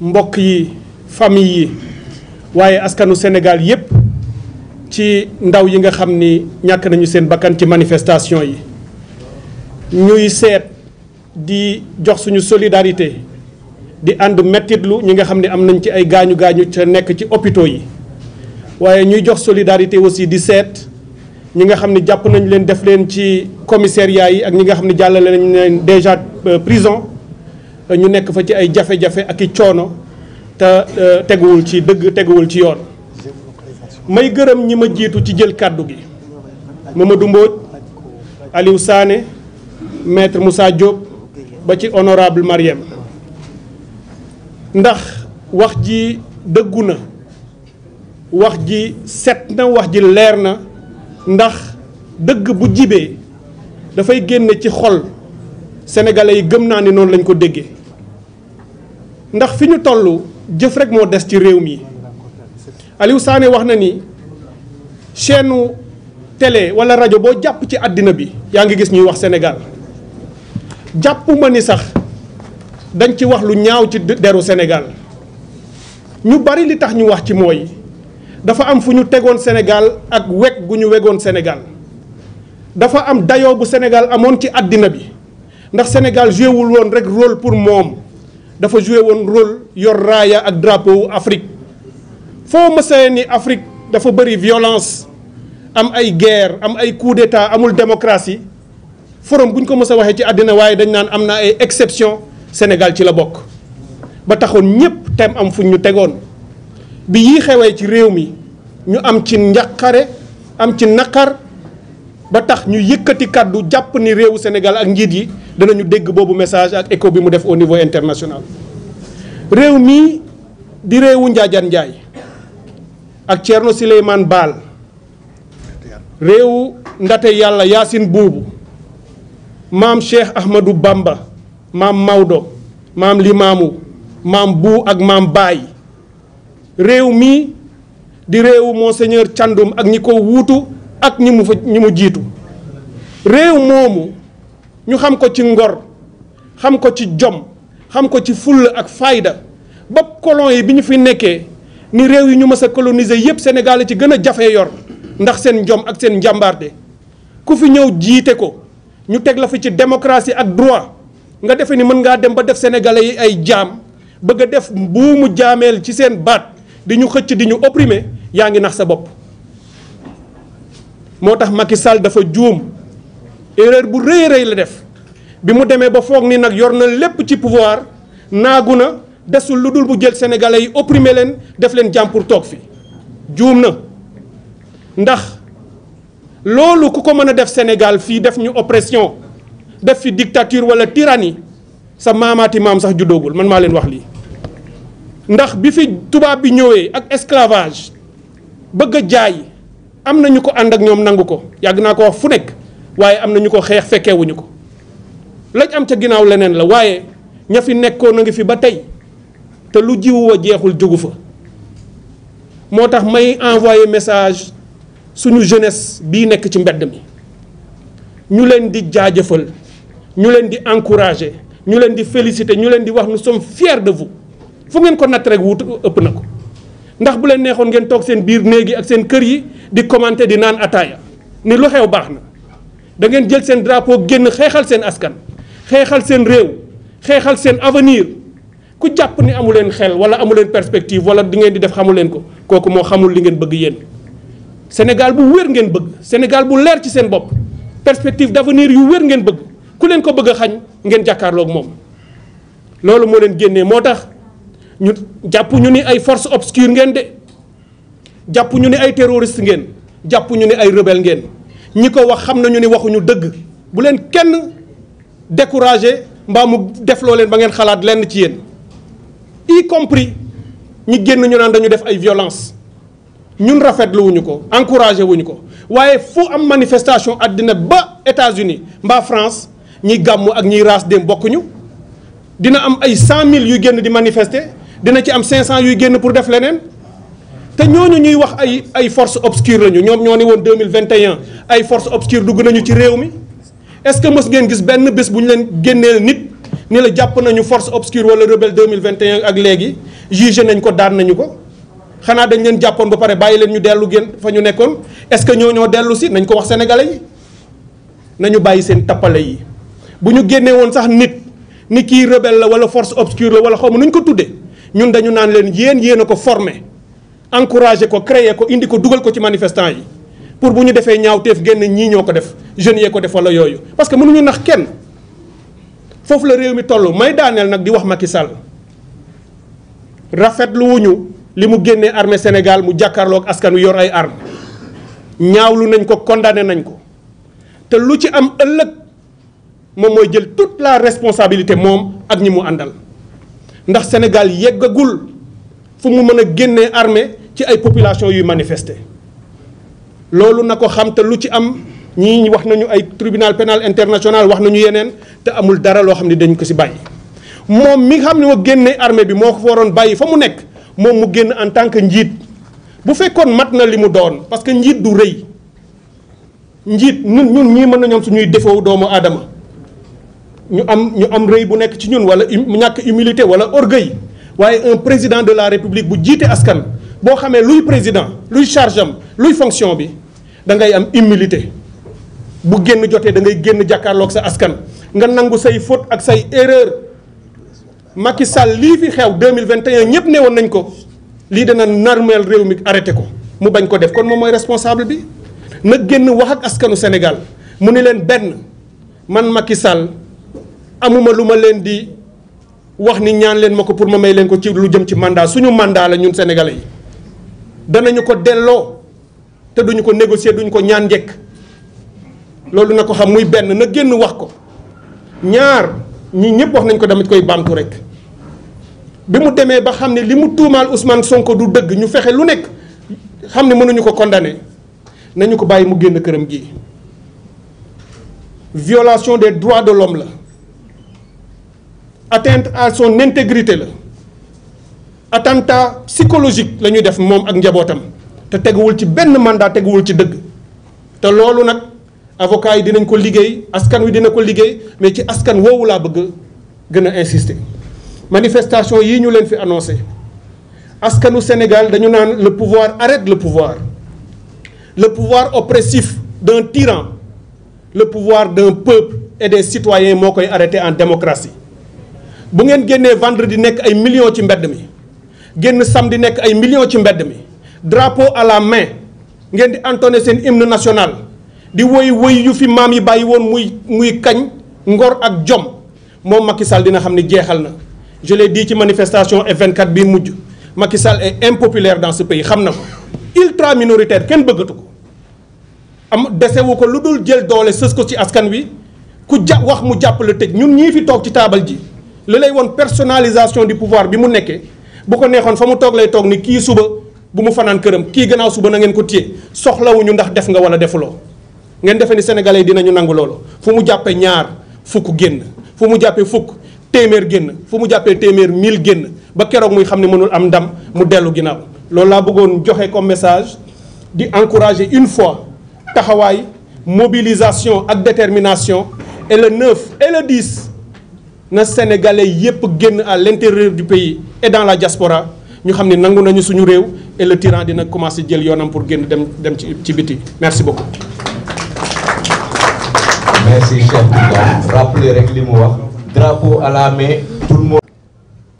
mbokk yi famille yi waaye askanu Sénégal yépp ci ndaw yi nga xam ni ñàkk nañu seen bakkan ci manifestation yi ñuy seet di jox suñu solidarité di ànd mettitlu ñi nga xam ne am nañ ci ay gaañu gaañu ci nekk ci hôpitaux yi waaye ñuy jox solidarité aussi di seet ñi nga xam ne jàpp nañ leen def leen ci commissariat yi ak ñi nga xam ne jàllale nañ leen déjà euh, prison ñu nekk fa ci ay jafe-jafe ak i coono te euh, teguwul ci dëgg teguwul ci yoon may gërëm ñi ma jiitu ci jël kàddu gi Mamadou Mbodj Aliou Sané maître Moussa Diop ba ci honorable Mariem ndax wax ji dëggu na wax ji set na wax ji leer na ndax dëgg bu jibee dafay génne ci xol sénégalais yi gëm naa ni noonu lañ ko déggee ndax fi ñu toll jëf rek moo des ci réew mi Aliou Sané wax na ni seenu tele wala rajo boo jàpp ci àddina bi yaa ngi gis ñuy wax senegal jàpp ni sax dañ ci wax lu ñaaw ci deru Sénégal ñu bari li tax ñu wax ci mooy dafa am fu ñu tegoon senegal ak weg gu ñu wegoon senegal dafa am dayoo bu senegal amoon ci àddina bi ndax Sénégal joué woon rek rôle pour moom dafa joué woon rôle yor raaya ak drapeau Afrique foo mësee ni Afrique dafa bëri violence am ay guerre am ay coup d'état amul démocratie forom bu ñu ko mësee waxee ci àddina waaye dañ naan am na ay exception Sénégal ci la bokk ba taxoon ñëpp tem am fu ñu tegoon bi yii xewee ci réew mi ñu am ci njaqare am ci naqar ba tax ñu yëkkati kàddu jàpp ni réewu Sénégal ak njiit yi dinañu dégg boobu message ak écho bi mu def au niveau international réew mii di réewu Njaajaan Njaay ak Thierno Souleymane Baal réewu Ndate Yàlla Yaasin Buubu maam Cheikh Ahmadou Bamba maam Maodo maam Limaamu maam Buu ak maam Baay réew mii di réewu Monseigneur Thiandoum ak ñi ko wuutu ak ñi mu fa ñi mu jiitu réew moomu ñu xam ko ci ngor xam ko ci jom xam ko ci fulla ak fayda ba kolon yi bi ñu fi nekkee ni réew yi ñu mës a coloniser yépp Sénégal ci gën a jafe yor ndax seen jom ak seen njàmbaarte ku fi ñëw jiite ko ñu teg la fi ci démocratie ak droit nga defee ni mën ngaa dem ba def sénégalais yi ay jaam bëgg a def buumu jaameel ci seen baat di ñu xëcc di ñu opprimer yaa ngi nax sa bopp moo tax Macky sal dafa juum erreur bu rëy rëy la def bi mu demee ba foog ni nag yor na lépp ci pouvoir naagu na desul lu dul bu jël sénégalais yi opprimer leen def leen jàmpur toog fi juum na ndax loolu ku ko mën a def Sénégal fii def ñu oppression def fi dictature wala tyrannie sa maamaati maam sax juddoogul man maa leen wax lii ndax bi fi tubaab bi ñëwee ak esclavage bëgg a jaay am na ñu ko ànd ak ñoom nangu ko yàgg naa ko wax fu nekk waaye am na ñu ko xeex fekkewuñu ko lañ am ca ginnaaw leneen la waaye ña fi nekkoon a ngi fi ba tey te lu jiwu jeexul jógu fa moo tax may envoyé message suñu jeunesse bii nekk ci mbedd mi ñu leen di jaajëfal ñu leen di encourager ñu leen di féliciter ñu leen di wax nu sommes fiers de vous fu ngeen ko natt rek wut ëpp na ko ndax bu leen neexoon ngeen toog seen biir néeg yi ak seen kër yi di commenter di naan ataaya ni lu xew baax na da ngeen jël seen drapo génn xeexal seen askan xeexal seen réew xeexal seen avenir ku jàpp ni amu leen xel wala amu leen perspective wala di di def xamu leen ko kooku moo xamul li ngeen bëgg yéen. Sénégal bu wér ngeen bëgg Sénégal bu leer ci seen bopp perspective d'avenir yu wér ngeen bëgg ku leen ko bëgg a xañ ngeen jàkkaarloog moom loolu moo leen génnee moo tax. ñu jàpp ñu ni ay force obscure ngeen de jàpp ñu ni ay terroriste ngeen jàpp ñu ni ay rebelle ngeen ñi ko wax xam nañu ni waxuñu dëgg bu leen kenn découragé mbaa mu defloo leen ba ngeen xalaat lenn ci yéen y compris ñi génn ñu naan dañu def ay violence ñun rafetlu wuñu ko encouragé wuñu ko waaye fu am manifestation àddina ba États-Unis mbaa France ñi gàmmu ak ñiy raas dem bokkuñu dina am ay cent mille yu génn di manifester dina ci am cinq 500 yuy génn pour def leneen te ñooñu ñuy wax ay ay force obscure lañu ñoom ñoo ne woon 2021 ay force obscure dugg nañu ci réew mi est-ce que mës ngeen gis benn bés bu ñu leen génneel nit ni la jàpp nañu force obscure wala rebelle 2021 ak léegi jugé nañ ko daan nañu ko xanaa dañ leen jàppoon ba pare bàyyi leen ñu dellu génn fa ñu nekkoon est-ce que ñoo dellu si nañ ko wax sénégalais yi nañu bàyyi seen tappale yi bu ñu génnee woon sax nit ni kii rebelle la wala force obscure la wala xaw ma ko tuddee ñun dañu naan leen yéen yéen a ko former encourager ko créer ko indi ko dugal ko ci manifestant yi pour bu ñu defee ñaaw ñaawteef génn ñii ñoo ko def jeunes yee ko def wala yooyu parce que mënuñu nax kenn foofu la réew mi toll may daaneel nag di wax Macky Sall rafetlu ñu li mu génnee arme Sénégal mu jàkkaarloog askan wi yor ay armes ñaawlu nañ ko condamné nañ ko te lu ci am ëllëg moom mooy jël toute la responsabilité moom ak ñi mu àndal. ndax Sénégal yeggagul fu mu mën a génnee arme ci ay population yuy manifester loolu na ko xam te lu ci am ñii wax nañu ay tribunal pénal international wax nañu yeneen te amul dara loo xam ne dañ ko ci bàyyi moom mi nga xam ne moo génnee armée bi moo ko fa waroon bàyyi fa mu nekk moom mu génn en tant que njiit bu fekkoon mat na li mu doon parce que njiit du rëy njiit ñun ñun ñii mën nañoom am suñuy défaut doomu aadama ñu am ñu am rëy bu nekk ci ñun wala ñàkk humilité wala orgueil waaye un président de la république bu jiite askan boo xamee luy président luy charge am luy fonction bi da ngay am humilité bu génn jotee da ngay génn jàkkaarloog sa askan nga nangu say faute ak say erreur Macky Sall lii fi xew 2021 ñëpp newoon nañ ko lii dana narmeel réew mi arrêté ko mu bañ ko def kon moom mooy responsable bi na génn wax ak askanu senegal mu ni leen benn man Macky Sall amuma lu ma leen di wax ni ñaan leen ma ko pour ma may leen ko ci lu jëm ci mandat suñu mandat la ñun sénégalais yi danañu ko delloo te duñu ko négocier duñu ko ñaan njekk loolu na ko xam muy benn na génn wax ko ñaar ñi ñëpp wax nañ ko damit koy baamtu rek bi mu demee ba xam ne li mu tuumaal Ousmane Sonko du dëgg ñu fexe lu nekk xam ne mënuñu ko condamné nañu ko bàyyi mu génn këram gi violation des droits de l'homme la atteinte à son intégrité la attentat psychologique la ñuy def moom ak njabootam te teguwul ci benn mandat teguwul ci dëgg te loolu nag avocat yi dinañ ko liggéey askan wi dina ko liggéey mais ci askan woowu laa bëgg gën a insister manifestation yi ñu leen fi annoncé askanu Sénégal dañu naan le pouvoir arrête le pouvoir le pouvoir oppressif d'un tyran le pouvoir d'un peuple et des citoyens moo koy arrêté en démocratie bu ngeen génnee di nekk ay millions ci mbedd mi génn di nekk ay millions ci mbedd mi drapeau à la main ngeen di entonné seen hymne national di woy woy yu fi maam yi bàyyi woon muy muy kañ ngor ak jom moom Macky Sall dina xam ni jeexal na je l'ai ci manifestation F24 bi mujj Macky Sall est impopulaire dans ce xam na ko ultra minoritaire kenn bëggatu ko am desewu ko lu dul jël doole sës ko ci askan wi ku ja wax mu jàppale tëj ñun ñii fi toog ci taabal ji li lay woon personnalisation du pouvoir bi mu nekkee bu ko neexoon fa mu toog lay toog ni kii suba bu mu fanaan këram kii gannaaw suba na ngeen ko téye soxlawuñu ndax def nga wala defuloo ngeen defee ni sénégalais yi dinañu nangu loolu fu mu jàppee ñaar fukk génn fu mu jàppee fukk téeméer génn fu mu jàppee téeméer mille génn ba keroog muy xam ne mënul am ndam mu dellu ginnaaw loolu laa bëggoon joxe comme message di encourager une fois taxawaay mobilisation ak détermination et le na sénégalais yépp génn à l'intérieur du pays et dans la diaspora ñu xam ne nangu nañu suñu réew et le tyran dina commencer jël yoonam pour génn dem dem ci ci biti merci beaucoup.